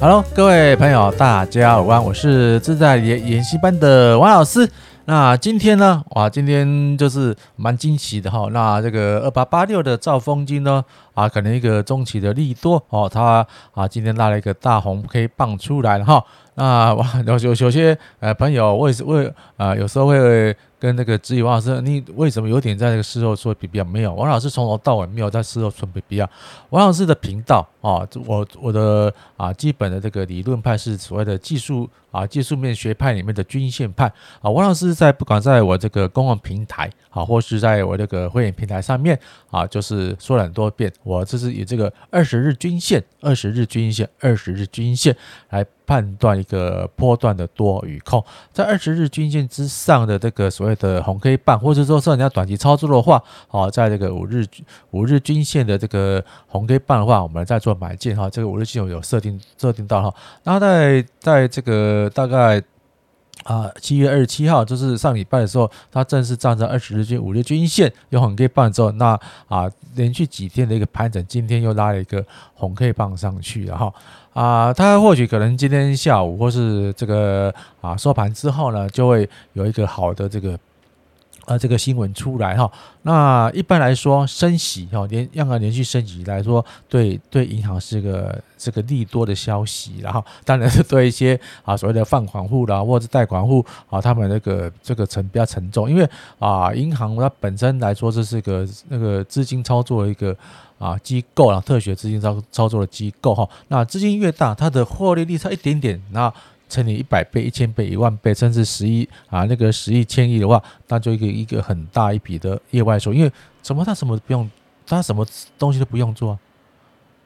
哈囉，各位朋友，大家好，我是自在理財研習班的王老師。那今天呢，哇，今天就是蠻驚喜的哈。那這個二八八六的兆豐金呢，啊，可能一個中期的利多哦，他啊今天拉了一個大紅，K 棒出來哈。哦啊，有有有些呃朋友為為啊，有時候會跟那個質疑王老師，你為什麼有點在這個事後說比 B B 沒有？王老師從頭到尾沒有在事後說比 B B。王老師的頻道啊，我我的啊基本的這個理論派是所謂的技術啊技術面學派裡面的均線派啊。王老師在不管在我這個公共平台啊，或是在我這個會員平台上面啊，就是說了很多遍，我這是以這個二十日均線、二十日均線、二十日均線來判斷一個波段的多與空，在二十日均線之上的這個所謂的紅 K 棒，或者說說你要短期操作的話，好，在這個五日五日均線的這個紅 K 棒的話，我們再做買進哈，這個五日系統有設定設定到哈，那在在這個大概。啊，七月二十七號，就是上禮拜的時候，它正式站在二十日均、五日均線有紅 K 棒之後，那啊，連續幾天的一個盤整，今天又拉了一個紅 K 棒上去，然後啊，它或許可能今天下午或是這個啊收盤之後呢，就會有一個好的這個。啊、呃，這個新聞出來哈、哦，那一般來說升息哈、哦，連讓它連續升息來說，對對銀行是個這個利多的消息，然後當然是對一些啊所謂的放款戶啦，或者貸款戶啊，他們那個這個層比較沉重，因為啊銀行它本身來說，這是個那個資金操作的一個啊機構啊，特許資金操操作的機構哈、哦，那資金越大，它的獲利利差一點點那，乘以一百倍、一千倍、一萬倍，甚至十億啊，那個十億、千億的話，那就一個一個很大一筆的業外收入。因為什麼？他什麼不用，他什麼東西都不用做。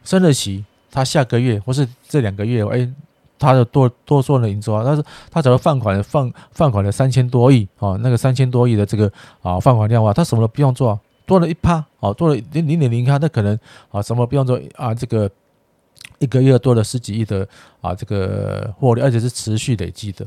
升得起，他下個月或是這兩個月，哎，他就多多人做了銀州啊。但是他只要放款放放款的三千多億啊，那個三千多億的這個啊放款量啊，他什麼都不用做、啊，多了一趴啊，哦、多了零零點零趴，那可能啊什麼不用做啊這個。一個月多了十幾億的啊，這個獲利，而且是持續累積的。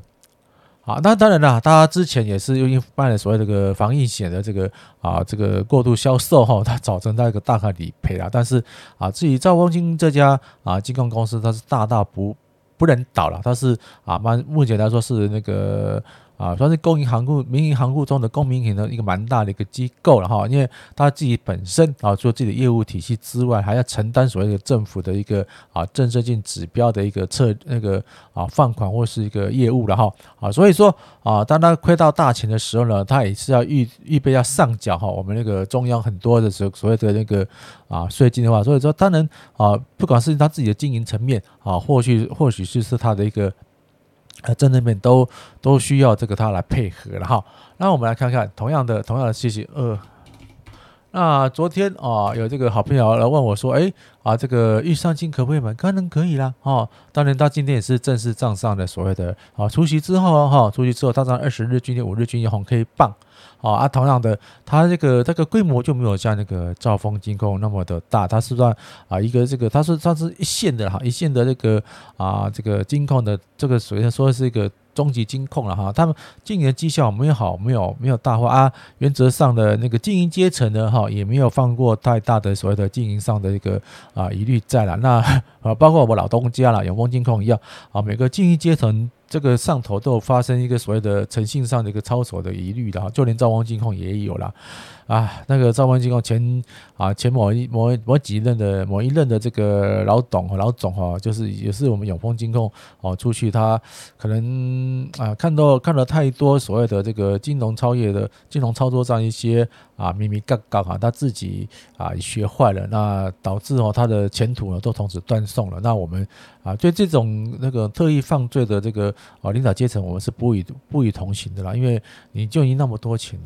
啊。那當然了，他之前也是因為賣了所謂這個防疫險的這個啊，這個過度銷售後，他造成它一個大額理賠啊。但是啊，至於兆豐金這家啊，金控公司，它是大大不不能倒了，它是啊，目目前來說是那個。啊，算是公營行庫，民營行庫中的公民營的一個蠻大的一個機構了哈，因為他自己本身啊做自己的業務體系之外，還要承擔所謂的政府的一個啊政策性指標的一個策那個啊放款或是一個業務了哈啊,啊，所以說啊，當他虧到大錢的時候呢，他也是要預預備要上繳哈我們那個中央很多的所所謂的那個啊稅金的話，所以說當然啊，不管是他自己的經營層面啊，或許或許是是他的一個。呃、啊，正那面都都需要這個它來配合了哈。那我們來看看同樣的同樣的信息。呃，那昨天啊，有這個好朋友來問我說，哎、欸、啊，這個玉山金可不可以買？當然可以啦，哦，當然他今天也是正式賬上的所謂的啊，除息之後哈，除息之後，當然二十日均線、五日均線紅 K 棒。啊，同樣的，它這個這個規模就沒有像那個兆豐金控那麼的大，它是算啊一個這個，它是它是一線的哈，一線的這個啊這個金控的這個，屬於說是一個中級金控了哈，他們經營績效沒有好，沒有沒有大壞啊，原則上的那個經營階層的哈，也沒有放過太大的所謂的經營上的一個啊疑慮在了，那啊包括我們老東家了，永豐金控一樣啊，每個經營階層。這個上頭都有發生一個所謂的誠信上的一個操守的疑慮的啊，就連兆豐金控也有了。啊，那個兆豐金控前啊前某一某某幾任的某一任的這個老董老總哈、啊，就是也是我們永豐金控哦、啊，出去他可能啊看到看了太多所謂的這個金融操業的金融操作上一些啊祕密槓槓哈，他自己啊學壞了，那導致哦他的前途呢都從此斷送了。那我們啊對這種那個特意犯罪的這個啊領導階層，我們是不予不予同情的啦，因為你就已經那麼多錢了。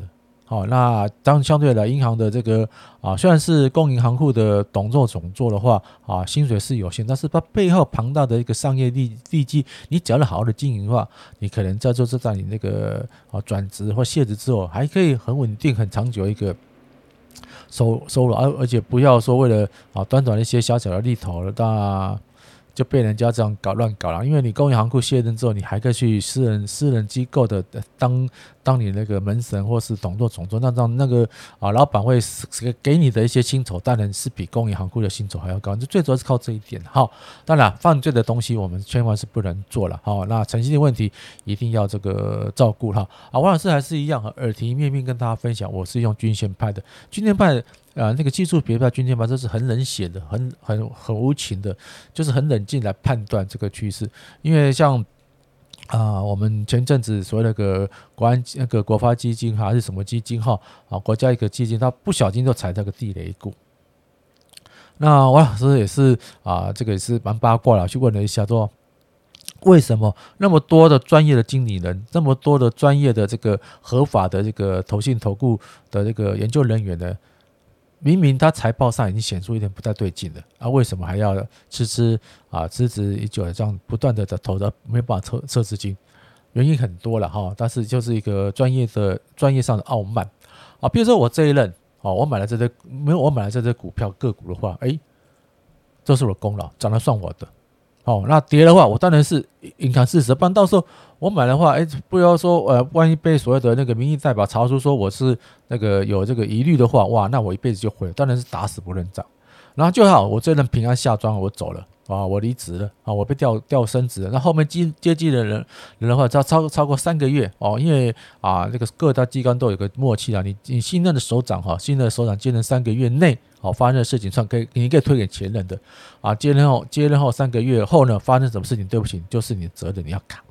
哦，那當相對來，銀行的這個啊，雖然是公營行庫的董座總座的話啊，薪水是有限，但是它背後龐大的一個商業利利基，你只要好好的經營的話，你可能在做這檔你那個啊轉職或卸職之後，還可以很穩定很長久一個收收入，而而且不要說為了啊短短的一些小小的利頭了，那就被人家這樣搞亂搞了。因為你公營行庫卸任之後，你還可以去私人私人機構的當。當你那個門神或是董座、總座，那讓那個啊老闆會給你的一些薪酬，當然是，是比公營行庫的薪酬還要高，這最主要是靠這一點哈。當然、啊，犯罪的東西我們千萬是不能做了哈。那誠信的問題一定要這個照顧哈。啊，王老師還是一樣，耳提面命跟大家分享，我是用均線派的，均線派啊、呃、那個技術別派，均線派這是很冷血的，很很很無情的，就是很冷靜來判斷這個趨勢，因為像。啊，我們前陣子說那個國安那個國發基金還、啊、是什麼基金哈啊，啊，國家一個基金，他不小心就踩到個地雷股。那王老師也是啊，這個也是蠻八卦了，去問了一下，說為什麼那麼多的專業的經理人，那麼多的專業的這個合法的這個投信投顧的這個研究人員呢？明明他財報上已經顯出一點不太對勁了，啊，為什麼還要遲遲啊，遲遲已久這樣不斷的在投的，沒辦法撤撤資金？原因很多了哈，但是就是一個專業的專業上的傲慢啊。比如說我這一任啊，我買了這隻沒有我買了這隻股票個股的話，哎，這是我的功勞，漲了算我的。哦，那跌的話，我當然是隱藏事實，不然到時候我買的話，哎、欸，不要說呃，萬一被所謂的那個民意代表查出說我是那個有這個疑慮的話，哇，那我一輩子就毀了，當然是打死不認賬。然後就好，我這人平安下莊，我走了。啊，我離職了啊，我被調調升職了。那後面接接任的人人的話，超超超過三個月哦，因為啊，那個各大機關都有一個默契啊。你你新任的首長哈，新任的首長接任三個月內，哦，發生的事情算可以你可以推給前任的啊。接任後接任後三個月後呢，發生什麼事情？對不起，就是你責任你要扛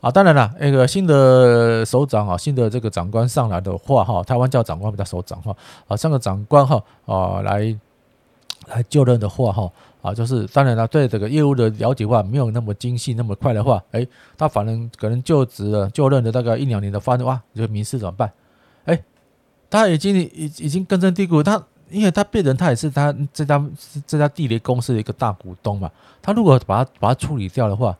啊。當然了，那個新的首長啊，新的這個長官上來的話哈，台灣叫長官不叫首長哈啊，上個長官哈啊來來就任的話哈。啊，就是當然了、啊，對這個業務的了解的話，沒有那麼精細，那麼快的話，誒，他反正可能就職了，就任了大概一兩年的翻，哇，這個民事怎麼辦？誒，他已經已已經根深蒂固，他因為他本人他也是他這家這家地雷公司的一個大股東嘛，他如果把他把他處理掉的話，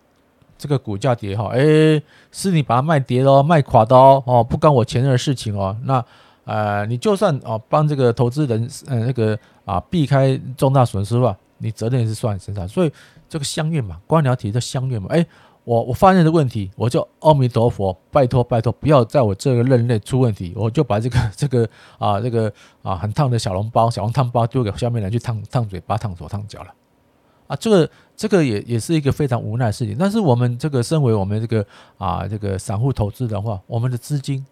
這個股價跌哈，誒，是你把它賣跌咯，賣垮嘍，哦，不關我前任的事情哦，那呃，你就算哦、啊、幫這個投資人嗯那個啊避開重大損失吧。你責任也是算你身上，所以這個鄉愿嘛，官僚體系的鄉愿嘛。哎，我我發現的問題，我就阿彌陀佛，拜託拜託，不要在我這個任內出問題，我就把這個這個啊這個啊很燙的小籠包，小籠湯包丟給下面人去燙燙嘴巴，燙手，燙腳了。啊，這個這個也也是一個非常無奈的事情。但是我們這個身為我們這個啊這個散戶投資的話，我們的資金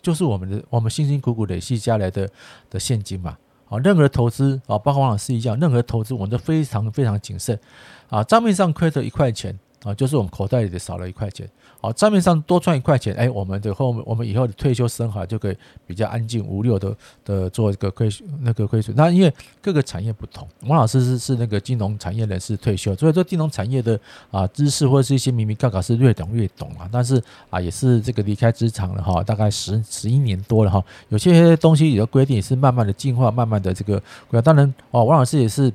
就是我們的，我們辛辛苦苦累積下來的的現金嘛。啊，任何投資啊，包括王老師一樣，任何投資我們都非常非常謹慎。啊，賬面上虧着一塊錢。啊，就是我們口袋裡的少了一塊錢，好賬面上多賺一塊錢，哎，我們的後我們以後的退休生活就可以比較安靜無慮的的做一個虧損那個虧損。那因為各個產業不同，王老師是是那個金融產業人士退休，所以說金融產業的啊知識或者是一些明明高考是越懂越懂啊，但是啊也是這個離開職場了哈，大概十十一年多了哈，有些，些東西有的規定也是慢慢的進化，慢慢的這個當然哦，王老師也是。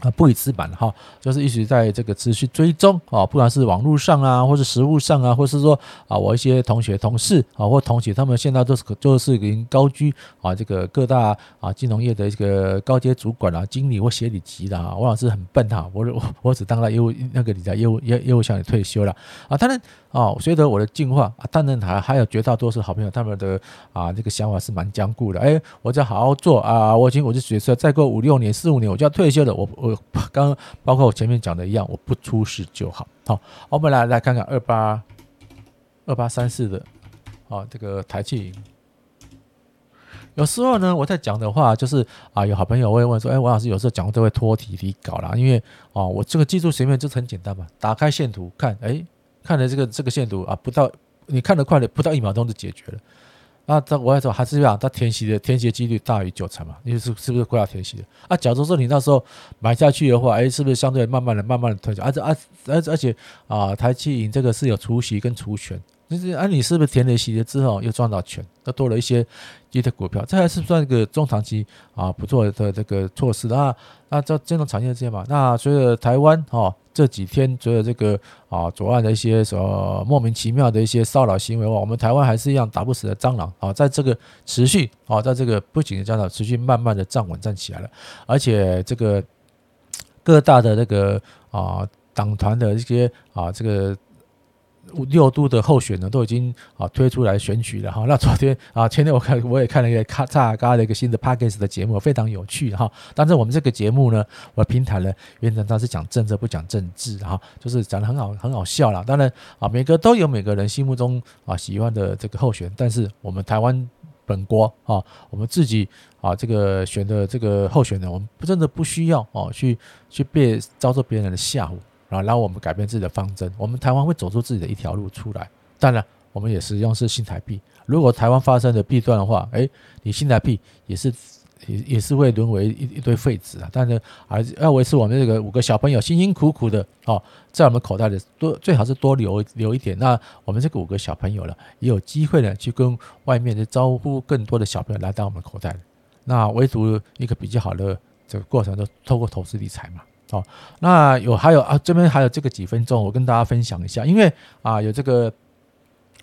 啊，不以自滿哈，就是一直在這個持續追蹤啊，不管是網絡上啊，或是實務上啊，或是說啊，我一些同學同事啊，或同學他們現在都是都是已經高居啊這個各大啊金融業的這個高階主管啊，經理或協理級的啊。我老師很笨哈，我我我只當了業務那個你的業務業業務小李退休了啊。當然哦，隨着我的進化，當然還還有絕大多數好朋友他們的啊這個想法是蠻僵固的。哎，我要好好做啊，我今我就決策，再過五六年、四五年我就要退休了，我我。我剛包括我前面講的一樣，我不出事就好。好，我們來來看看二八二八三四的啊，這個台企。有時候呢，我在講的話就是啊，有好朋友會問說，哎，王老師有時候講都會脫題離稿啦。因為啊，我這個技術前面就是很簡單嘛，打開線圖看，哎，看了這個這個線圖啊，不到你看得快的，不到一秒鐘就解決了。那、啊、他我來說還是這樣，他填息的填息的幾率大於九成嘛？你是是不是快要填息的？啊，假如說你那時候買下去的話，哎、欸，是不是相對的慢慢的、慢慢的退？而且、而且、而且，啊，台企銀這個是有除息跟除權。就是啊，你是不是填了息之後又賺到錢，又多了一些一些股票，這還是算一個中長期啊不錯的這個措施啊。那這這種產業這些嘛，那隨着台灣哦、啊、這幾天隨着這個啊左岸的一些什麼莫名其妙的一些騷擾行為，我們台灣還是一樣打不死的蟑螂啊，在這個持續啊，在這個不僅是蟑螂，持續慢慢的站穩站起來了，而且這個各大的那個啊黨團的一些啊這個。六都的候選呢，都已經啊推出來選舉了哈。那昨天啊，前天我看我也看了一個咔嚓嘎的一個新的 Podcast 的節目，非常有趣哈。但是我們這個節目呢，我平台呢，原則上是講政策不講政治哈，就是講得很好很好笑啦，當然啊，每個都有每個人心目中啊喜歡的這個候選，但是我們台灣本國啊，我們自己啊這個選的這個候選人呢，我們不真的不需要哦去去被遭受別人的嚇唬。然後，讓我們改變自己的方針，我們台灣會走出自己的一條路出來。當然，我們也是用是新台幣。如果台灣發生的弊端的話，哎，你新台幣也是也也是會淪為一一堆廢紙啊。但是，還是要維持我們這個五個小朋友辛辛苦苦的哦，在我們口袋裡多最好是多留留一點。那我們這個五個小朋友呢，也有機會呢去跟外面的招呼更多的小朋友來到我們口袋。那唯獨一個比較好的這個過程，就是透過投資理財嘛。好，那有還有啊，這邊還有這個幾分鐘，我跟大家分享一下，因為啊，有這個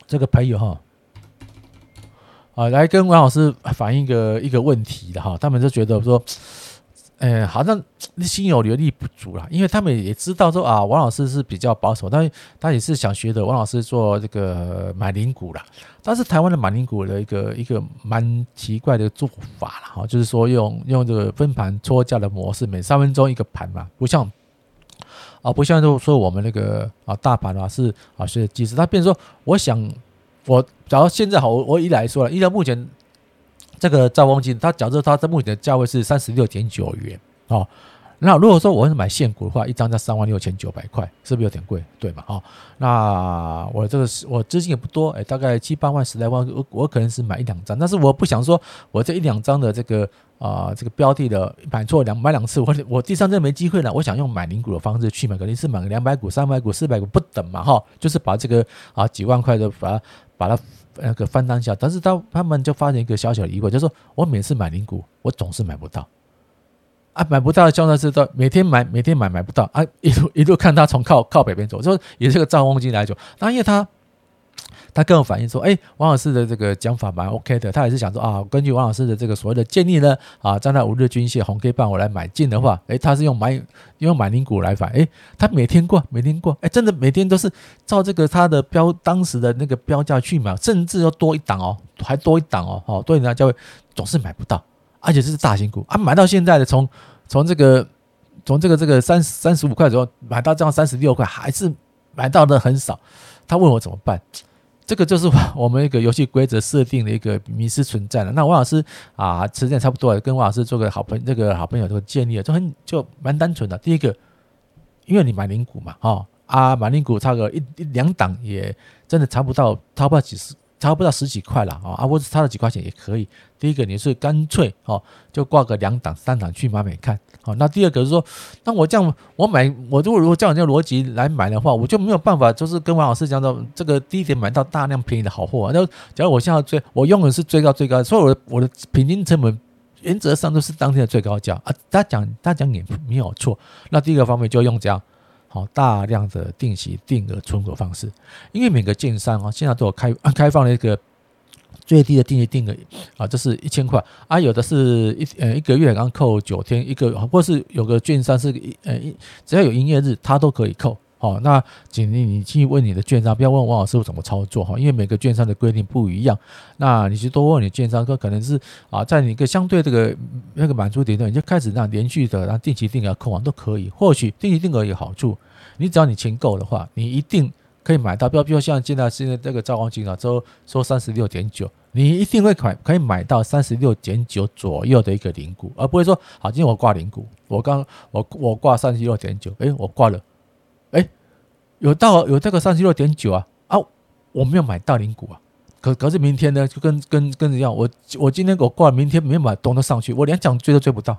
這個朋友哈，啊，來跟王老師反映一個一個問題的哈，他們就覺得說。哎、嗯，好像心有餘力不足了，因為他們也知道說啊，王老師是比較保守，但他也是想學的王老師做這個買零股啦，但是台灣的買零股的一個一個蠻奇怪的做法了哈，就是說用用這個分盤撮價的模式，每三分鐘一個盤嘛，不像啊，不像就說我們那個啊大盤啊是啊學的機制。他變成說，我想我只要現在好，我一來說了，依照目前。這個兆豐金，它假設它的目前的價位是三十六點九元哦，那如果說我是買現股的話，一張在三萬六千九百塊，是不是有點貴？對嘛？哦，那我這個我資金也不多、哎，大概七八萬、十來萬，我我可能是買一兩張。但是我不想說我這一兩張的這個啊、呃，這個標的的買錯兩買兩次，我我第三次沒機會了。我想用買零股的方式去買，肯定是買兩百股、三百股、四百股不等嘛，哈，就是把這個啊幾萬塊的把它把它。那個翻單下，但是他他們就發現一個小小的疑惑，就是、說：我每次買零股，我總是買不到啊，買不到，叫他這都每天買，每天買買不到啊，一路一路看他從靠靠北邊走，就是、也是個兆豐金來走，那、啊、因為他。他跟我反映說：“哎，王老師的這個講法蠻 OK 的。他也是想說啊，根據王老師的這個所謂的建議呢，啊，站在五日均線紅 K 棒我來買進的話，誒，他是用買用買零股來買。誒，他每天掛，每天掛，誒，真的每天都是照這個他的標當時的那個標價去買，甚至要多一檔哦，還多一檔哦，哦，所以呢就會總是買不到，而且這是大型股啊，買到現在的從從這個從這個這個三三十五塊左右買到這樣三十六塊，還是買到的很少。他問我怎麼辦？”這個就是我們一個遊戲規則設定的一個迷失存在了。那王老師啊，時間差不多了，跟王老師做個好朋友，這個好朋友這個建議啊，就很就蠻單純的。第一個，因為你買零股嘛，哈啊買零股差個一兩檔也真的差不到差不到幾十。差不到十幾塊了啊！啊，我差了幾塊錢也可以。第一個你是乾脆哦，就掛個兩檔、三檔去買買看。好。那第二個是說，那我這樣我買，我如果如果照人家邏輯來買的話，我就沒有辦法，就是跟王老師講到這個低點買到大量便宜的好貨。那假如我現在要追，我用的是最高最高，所以我的我的平均成本原則上都是當天的最高價啊。他講他講也沒有錯。那第一個方面就用這樣。好大量的定期定額存股方式，因為每個券商哦，現在都有開開放了一個最低的定期定額啊，就是一千塊啊，有的是一呃一個月剛扣九天一個月，或是有個券商是一呃一只要有營業日，它都可以扣。哦，那請你你去問你的券商，不要問王老師我怎麼操作哈，因為每個券商的規定不一樣。那你就多問你券商，哥，可能是啊，在你一個相對這個那個滿足點你就開始讓連續的，讓定期定額、控完都可以。或許定期定額有好處，你只要你錢夠的話，你一定可以買到。比比如說像現在現在這個兆豐金啊，收收三十六點九，你一定會可可以買到三十六點九左右的一個零股，而不會說好今天我掛零股，我剛我我掛三十六點九，哎，我掛了。有到有這個三十六點九啊啊！我沒有買到零股啊，可是可是明天呢，就跟跟跟一樣，我我今天給我掛，明天沒有買，東沒上去，我連漲追都追不到。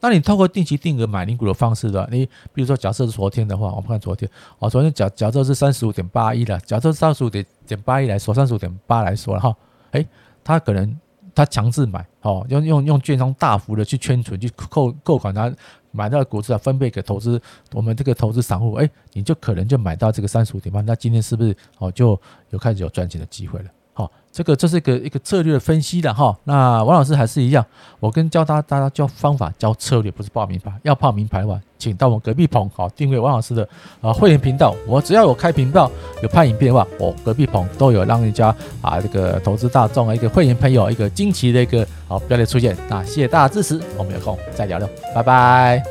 那你通過定期定額買零股的方式的，你比如說假設是昨天的話，我們看昨天啊，昨天假假設是三十五點八一的，假設三十五點點八一來說，三十五點八來說了哈，誒，他可能他強制買哦，用用用券商大幅的去圈存去扣扣款他，買到的股票啊，分配給投資，我們這個投資散戶，哎，你就可能就買到這個三十五點八，那今天是不是哦就有開始有賺錢的機會了？哦，這個這是一個一個策略的分析的哈、哦。那王老師還是一樣，我跟教大家大家教方法教策略，不是報名牌。要報名牌的話，請到我們隔壁棚。好、哦，訂閱王老師的啊會員頻道。我只要有開頻道有拍影片的話，我隔壁棚都有讓人家啊這個投資大眾啊一個會員朋友一個驚奇的一個好標的出現。那、啊、謝謝大家支持，我們有空再聊聊，拜拜。